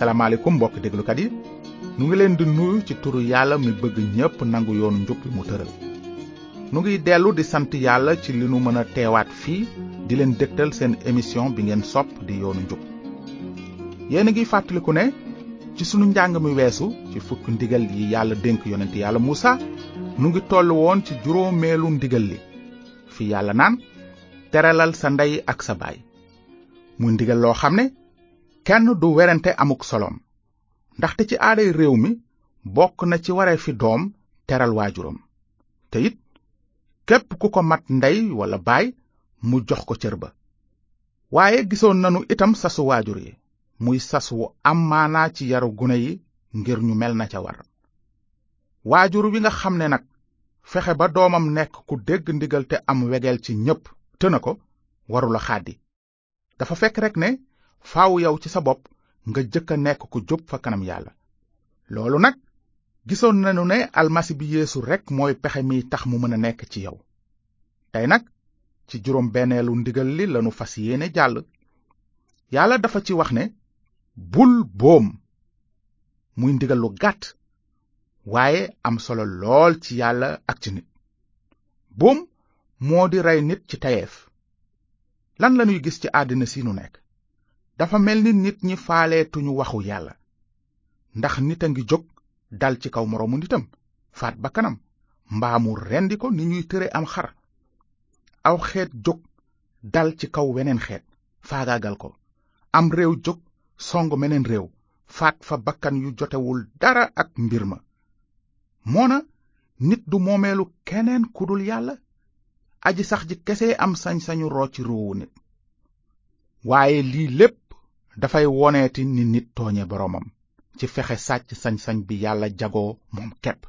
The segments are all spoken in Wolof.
salaamaaleykum mbokk déglukat yi nu ngi leen di nuyu ci turu yàlla mi bëgg ñépp nangu yoonu njub bi mu tëral nu ngi dellu di sant yàlla ci li nu mën a teewaat fii di leen dégtal seen émission bi ngeen sopp di yoonu njub yéen a ngi fàttaliku ne ci sunu njàng mi weesu ci fukk ndigal yi yàlla dénk yonent yàlla Musa nu ngi toll woon ci juróomeelu ndigal li fi yàlla naan teralal sa ndey ak sa baay muy ndigal loo xam ne kenn du werante amuk solom ndaxte ci aaday réew mi bokk na ci waree fi doom teral waajuram te it képp ku ko mat ndey walla baay mu jox ko cër ba waaye gisoon nanu itam sasu waajur yi muy sas wu am maanaa ci yaru gune yi ngir ñu mel na ca war waajur wi nga xam ne nag fexe ba doomam nekk ku dégg ndigal te am wegeel ci ñépp te ko warula xàddi dafa fekk rek ne faaw yow ci sa bopp nga jëkk a nekk ko jub fa kanam yàlla loolu nag gisoon nañu ne almasi bi yéesu rekk mooy pexe mi tax mu mën a nekk ci yow tey nag ci juróom benneelu ndigal li lanu fas yéene jàll yàlla dafa ci wax ne bul boom muy ndigal lu gàtt waaye am solo lool ci yàlla ak ci nit boom moo di rey nit ci tayeef lan lanuy gis ci àddina si nu nekk dafa mel ni nit ñi faaleetuñu waxu yàlla ndax nit a ngi jóg dal ci kaw moroomu nitam faat bakkanam kanam mbaa mu rendi ko ni ñuy tëre am xar aw xeet jóg dal ci kaw weneen xeet faagaagal ko am réew jóg song meneen réew faat fa bakkan yu jotewul dara ak mbir ma moona nit du moomeelu keneen ku yàlla aji sax ji kese am sañ-sañu ci ruuwu nit waaye lii lépp dafay woneeti ni nit tooñe boroomam ci fexe sàcc sañ-sañ bi yàlla jagoo moom kepp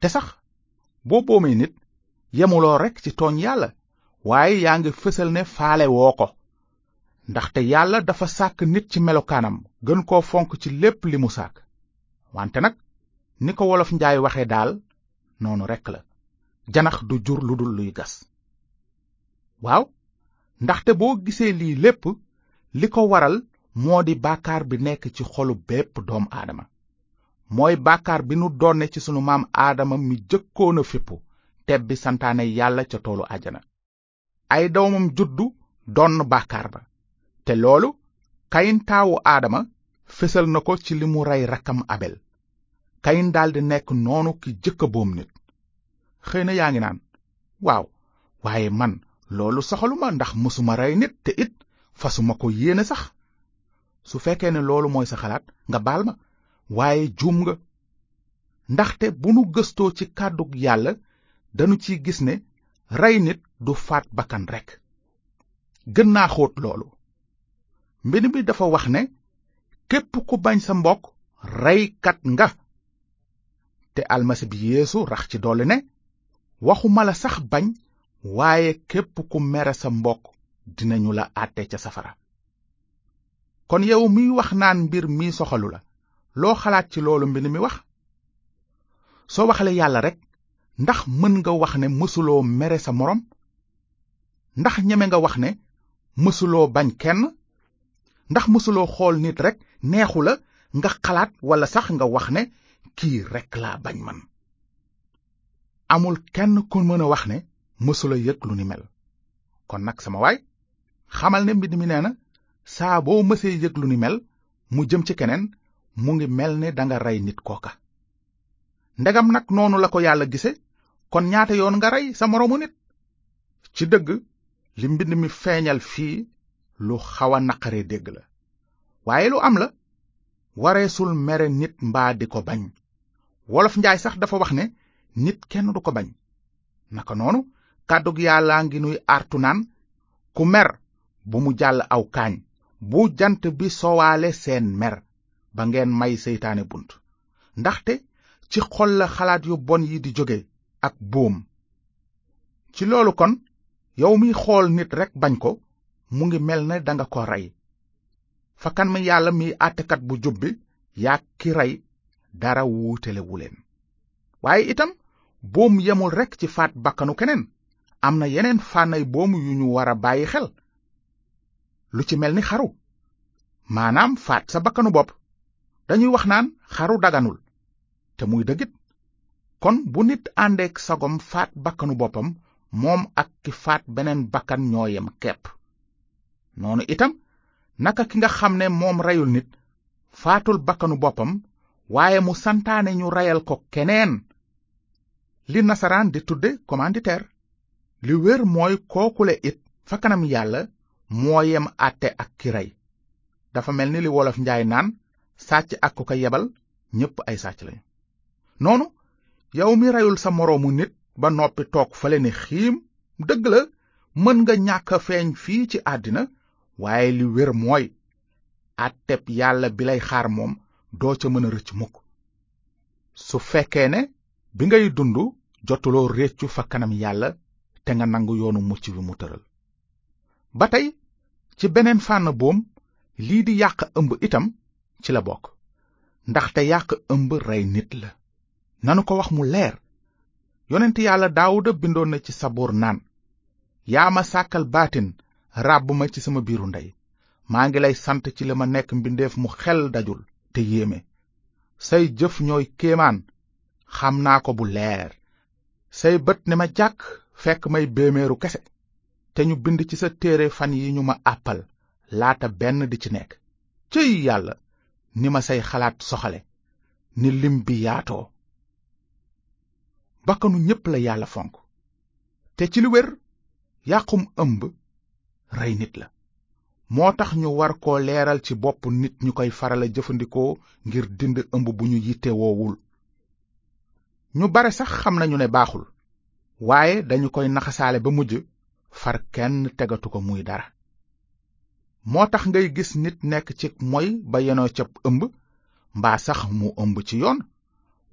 te sax boo boomee nit yemuloo rekk ci tooñ yàlla waaye yaa ngi fësal ne faale woo ko ndaxte yàlla dafa sàkk nit ci melokaanam gën koo fonk ci lépp li mu sàkk wante nag ni ko wolof njaay waxe daal noonu rekk la janax du jur lu dul luy gas waaw ndaxte boo gisee lii lépp li ko waral moo di bàkkaar bi nekk ci xolu bépp doom aadama mooy bàkkaar bi nu doonne ci sunu maam aadama mi jëkkoon a fippu tebbi santaane yàlla ca toolu àjjana ay doomam juddu donn bàkkaar ba te loolu kayin taawu aadama fésal na ko ci li mu rey rakkam abel kayin daldi nekk noonu ki jëkk boom nit xëy na yaa ngi naan waaw waaye man loolu soxaluma ndax mësuma rey nit te it fasuma ko yéene sax su fekkee ne loolu mooy sa xalaat nga baal ma waaye juum nga ndaxte bu nu gëstoo ci kàddu yàlla danu ci gis ne rey nit du faat bakkan rekk gën naa xóot loolu mbind mi dafa wax ne képp ku bañ sa mbokk reykat nga te almasi bi yéesu rax ci dolli ne waxuma la sax bañ waaye képp ku mere sa mbokk dinañu la àtte ca safara kon yow miy wax naan mbir mi soxalu la loo xalaat ci loolu mbind mi wax soo waxale yàlla rekk ndax mën nga wax ne mësuloo mere sa moroom ndax ñeme nga wax ne mësuloo bañ kenn ndax mësuloo xool nit rekk neexu la nga xalaat walla sax nga wax ne kii rekk laa bañ man amul kenn ku mën a wax ne mësula yëg lu ni mel kon nag sama waay xamal ne mbind mi nee na saa boo mësee yëg lu ni mel mu jëm ci keneen mu ngi mel ni danga rey nit kooka ndegam nag noonu la ko yàlla gise kon ñaata yoon nga rey sa moroomu nit ci dëgg li mbind mi feeñal fii lu xaw a naqare dégg la waaye lu am la wareesul mere nit mbaa di ko bañ wolof njaay sax dafa wax ne nit kenn du ko bañ naka noonu kàddug yàllaa ngi nuy artu naan ku mer bu mu jàll aw kaañ bu jant bi sowaale seen mer ba ngeen may seytaane bunt ndaxte ci xol la xalaat yu bon yi di jóge ak boom ci loolu kon yow mi xool nit rek bañ ko mu ngi mel na danga ko rey fakkan kan yàlla mi àttekat bu jub bi yaa ki rey dara leen waaye itam boom yemul rekk ci faat bàkkanu keneen am na yeneen fànnay boom yu ñu war a bàyyi xel lu ci mel ni xaru maanaam faat sa bakkanu bopp dañuy wax naan xaru daganul te muy dëggit kon bu nit àndeek sagom faat bakkanu boppam moom ak ki faat beneen bakkan ñooyem kepp noonu itam naka ki nga xam ne moom reyul nit faatul bakkanu boppam waaye mu santaane ñu reyal ko keneen li nasaraan di tudde commanditaire li wér mooy kookule it fa kanam yàlla moo yem àtte ak ki rey dafa mel ni li wolof njaay naan sàcc ak ku ko yebal ñépp ay sàcc lañu noonu yow mi reyul sa moroomu nit ba noppi toog fale ne xiim dëgg la mën nga ñàkk feeñ fii ci àddina waaye li wér mooy àtteb yàlla bi lay xaar moom doo ca mën a rëcc mukk su fekkee ne bi ngay dund jotuloo réccu fa kanam yàlla te nga nangu yoonu mucc wi mu tëral ba tey ci beneen fànn boom lii di yàq ëmb itam ci la bokk ndaxte yàq ëmb rey nit la nanu ko wax mu leer yonent yàlla daawuda bindoon na ci saboor naan yaa ma sàkkal baatin ràbb ma ci sama biiru ndey maa ngi lay sant ci li ma nekk mbindeef mu xel dajul te yéeme say jëf ñooy kéemaan xam naa ko bu leer say bët ne ma jàkk fekk may béeméeru kese te ñu bind ci sa téere fan yi ñu ma àppal laata benn di ci nekk cëy yàlla ni ma say xalaat soxale ni lim bi yaatoo bakkanu ñépp la yàlla fonk te ci lu wér yàqum ëmb rey nit la moo tax ñu war ko leeral ci bopp nit ñu koy faral a jëfandikoo ngir dind ëmb bu ñu yitte woowul ñu bare sax xam nañu ne baaxul waaye dañu koy naxasaale ba mujj far kenn tegatu ko muy dara moo tax ngay gis nit nekk ci moy ba yenoo cab ëmb mbaa sax mu ëmb ci yoon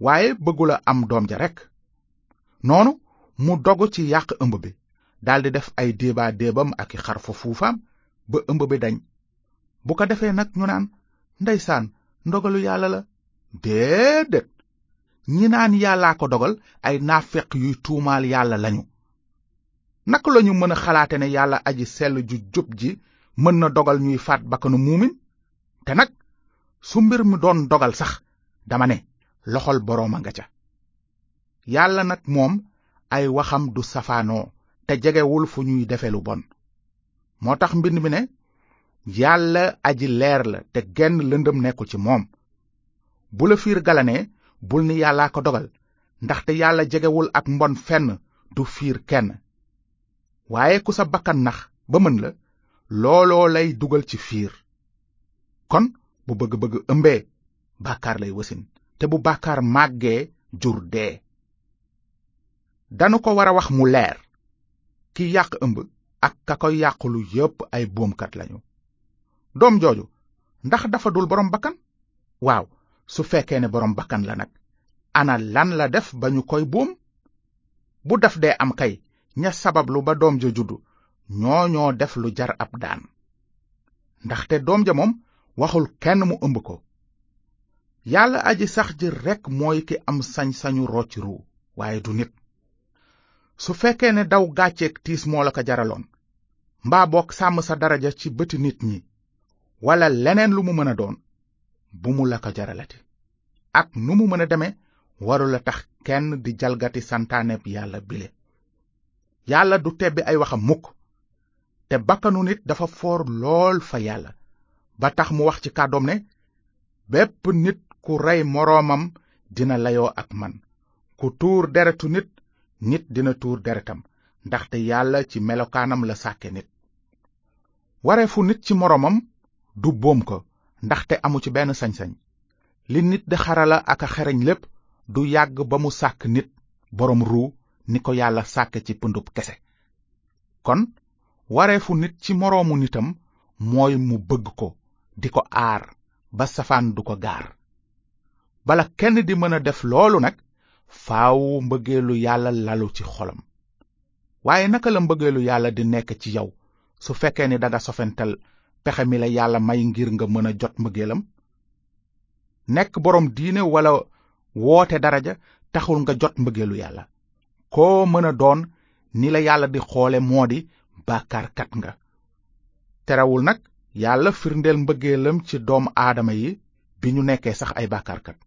waaye bëggula am doom ja rekk noonu mu dogu ci yàq ëmb bi daldi def ay déebaa déebam ak i xarfa fuufaam ba ëmb bi dañ bu ko defee nag ñu naan ndeysaan ndogalu yàlla la déedéet ñi naan yàllaa ko dogal ay naafeq yuy tuumaal yàlla lañu naka lañu mën a xalaate ne yàlla aji sell ju jub ji mën na dogal ñuy faat bakkanu muumin te nag su mbir mi doon dogal sax dama ne loxol borooma nga ca yàlla nag moom ay waxam du safaanoo te jegewul fu ñuy defe lu bon moo tax mbind mi ne yàlla aji leer la te genn lëndëm nekku ci moom bu la fiir galanee bul ni yàllaa ko dogal ndaxte yàlla jegewul ak mbon fenn du fiir kenn waaye ku sa bakkan nax ba mën la looloo lay dugal ci fiir kon bu bëgg-bëgg ëmbee bàkkaar lay wasin te bu bàkkaar màggee jur dee danu ko war a wax mu leer ki yàq ëmb ak ka ko yàqulu yépp ay boomkat lañu doom jooju ndax dafa dul boroom bakkan waaw su fekkee ne boroom bakkan la nag ana lan la def ba ñu koy buum bu daf dee am kay ña sabablu ba doom ja juddu ñoo ñoo def lu jar ab daan ndaxte doom ja moom waxul kenn mu ëmb ko yàlla aji sax ji rekk mooy ki am sañ-sañu rocc ruu waaye du nit su fekkee ne daw gàcceeg tiis moo la ko jaraloon mbaa bokk sàmm sa dara ja ci bëti nit ñi walla leneen lu mu mën a doon bu mu la ko jaralati ak nu mu mën a warul a tax kenn di jalgati santaaneb yàlla bile yàlla du tebbi ay waxam mukk te bakkanu nit dafa foor lool fa yàlla ba tax mu wax ci kàddoom ne bépp nit ku rey moroomam dina layoo ak man ku tuur deretu nit nit dina tuur deretam ndaxte yàlla ci melokaanam la sàkke nit wareefu nit ci moroomam du boom ko ndaxte amu ci benn sañ-sañ li nit di xarala ak xereñ lépp du yàgg ba mu sàkk nit boroom ruuw ni ko yàlla sàkk ci pëndub kese kon wareefu nit ci moroomu nitam mooy mu bëgg ko di ko aar ba safaan du ko gaar bala kenn di mën a def loolu nag faaw mbëggeelu yàlla lalu ci xolam waaye naka la mbëggeelu yàlla di nekk ci yow su fekkee ni danga sofental pexe mi la yàlla may ngir nga mën a jot mbëggeelam nekk borom diine walla woote daraja taxul nga jot mbëggeelu yàlla koo mën a doon ni la yàlla di xoole moo di bàkkaarkat nga terewul nag yàlla firndeel mbëggeelam ci doomu aadama yi bi ñu nekkee sax ay bàkkaarkat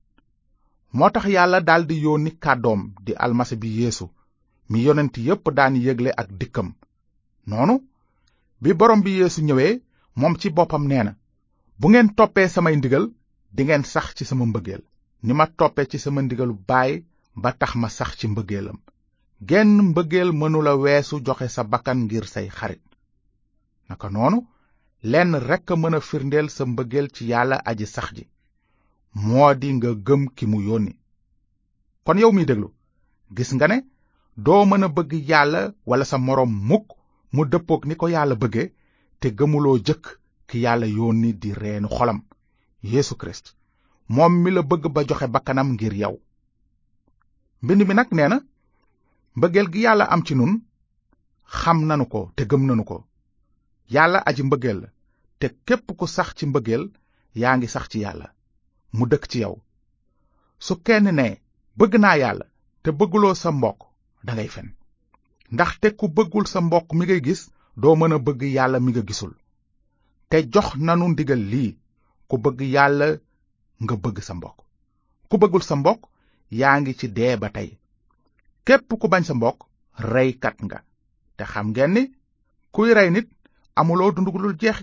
moo tax yàlla daldi yónni kàddoom di almasi bi yeesu mi yonent yépp daan yégle ak dikkam noonu bi borom bi yeesu ñëwee moom ci boppam nee na bu ngeen toppee samay ndigal dingeen sax ci sama mbëggeel ni ma toppe ci sama ndigalu baay ba tax ma sax ci mbëggeelam genn mbëggeel mënula weesu joxe sa bakkan ngir say xarit naka noonu lenn rekk a mën a firndeel sa mbëggeel ci yàlla aji sax ji moo di nga gëm ki mu yónni kon yow mi déglu gis nga ne doo mën a bëgg yàlla wala sa moroom mukk mu dëppook ni ko yàlla bëgge te gëmuloo jëkk ki yàlla yónni di reenu xolam Yesu Kirist moom mi la bëgg ba joxe bakkanam ngir yow mbind mi nag nee na mbëggeel gi yàlla am ci nun xam nanu ko te gëm nanu ko yàlla aji mbëggeel la te képp ku sax ci mbëggeel yaa ngi sax ci yàlla mu dëkk ci yow su kenn ne bëgg naa yàlla te bëgguloo sa mbokk dangay fen ndax ndaxte ku bëggul sa mbokk mi ngay gis doo mën a bëgg yàlla mi nga gisul te jox nanu ndigal lii ku bëgg yàlla nga bëgg sa mbokk ku bëggul sa mbokk yaa ngi ci dee ba tey képp ku bañ sa mbokk reykat nga te xam ngeen ni kuy rey nit amuloo dund gu dul jeex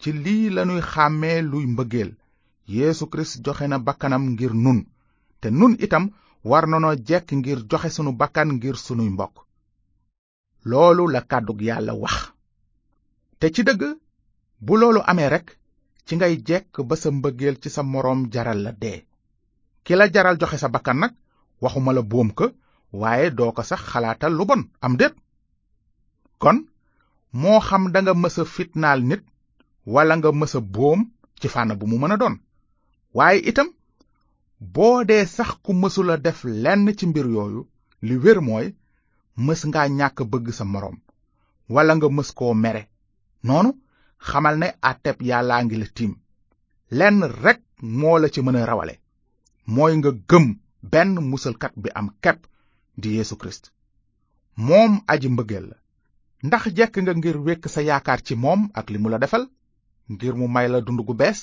ci lii lanuy xàmmee luy mbëggeel yéesu Kirist joxe na bakkanam ngir nun te nun itam war nanoo jekk ngir joxe sunu bakkan ngir sunuy mbokk loolu la kàddug yàlla wax te ci dëgg bu loolu amee rekk ci ngay jekk ba sa mbëggeel ci sa moroom jaral la dee ki la jaral joxe sa bakkan nag waxuma la boom ka waaye doo ko sax xalaatal lu bon am déet kon moo xam danga mësa fitnaal nit walla nga mësa bóom ci fànn bi mu mën a doon waaye itam boo dee sax ku mësula def lenn ci mbir yooyu li wér mooy mës ngaa ñàkk bëgg sa moroom walla nga mës koo mere noonu xamal ne àtteb yàllaa ngi la tiim lenn rekk moo la ci mën a rawale mooy nga gëm benn musalkat bi am kepp di Yesu Kirist moom aji mbëggeel la ndax jekk nga ngir wekk sa yaakaar ci moom ak li mu la defal ngir mu may la dund gu bees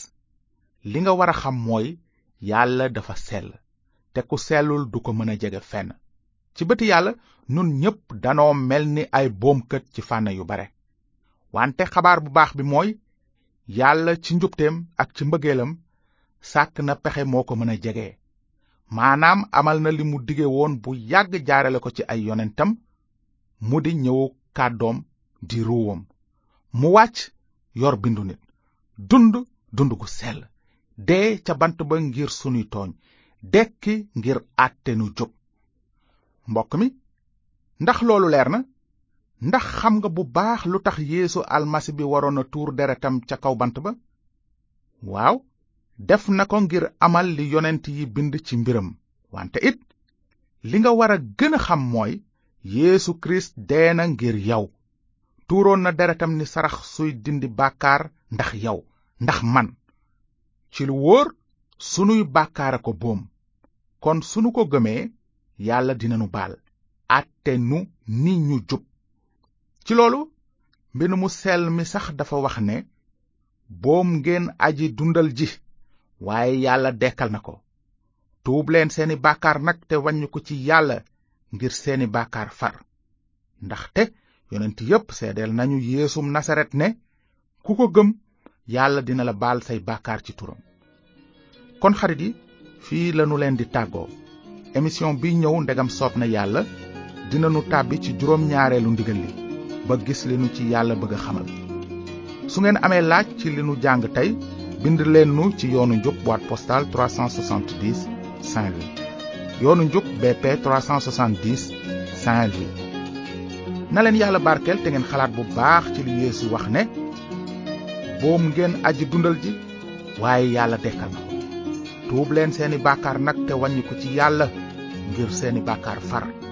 li nga war a xam mooy yàlla dafa sell te ku sellul du ko mën a jege fenn ci bëti yàlla nun ñépp danoo mel ni ay boomkët ci fànn yu bare wante xabaar bu baax bi mooy yàlla ci njubteem ak ci mbëggeelam sàkk na pexe moo ko mën a jege maanaam amal na li mu dige woon bu yàgg jaarale ko ci ay yonentam mu di ñëwu kàddoom di ruuwam mu wàcc yor bindu nit dund dund gu sell dee ca bant ba ngir sunuy tooñ dekki ngir àtte nu jóg mbokk mi ndax loolu leer na ndax xam nga bu baax lu tax yéesu almasi bi waroon a tuur deretam ca kaw bant ba waaw def na ko ngir amal li yonent yi bind ci mbiram wante it li nga war a gën a xam mooy yéesu Kirist dee na ngir yow tuuroon na deretam ni sarax suy dindi bàkkaar ndax yow ndax man ci lu wóor sunuy bàkkaara ko boom kon sunu ko gëmee yàlla dinanu baal àtte nu ni ñu jub ci loolu mbind mu sell mi sax dafa wax ne boom ngeen aji dundal ji waaye yàlla dekkal na ko tuub leen seeni bàkkaar nag te wàññi ko ci yàlla ngir seeni bàkkaar far ndax te yonent yépp seedeel nañu yeesum nasaret ne ku ko gëm yàlla dina la baal say bàkkaar ci turam kon xarit yi fii lanu leen di tàggoo émission bi ñëw ndegam soob na yàlla dinanu tàbbi ci juróom ñaareelu ndigal li ba gis li nu ci yàlla bëgg a xamal su ngeen amee laaj ci li nu jàng tey bind leen nu ci yoonu njub boîte postale 370 Saint-Louis yoonu njub BP 370 Saint-Louis na leen yàlla barkeel te ngeen xalaat bu baax ci li Yeesu wax ne boom ngeen aji dundal ji waaye yàlla dekkal na ko tuub leen seeni bàkkaar nag te wàññi ko ci yàlla ngir seeni bàkkaar far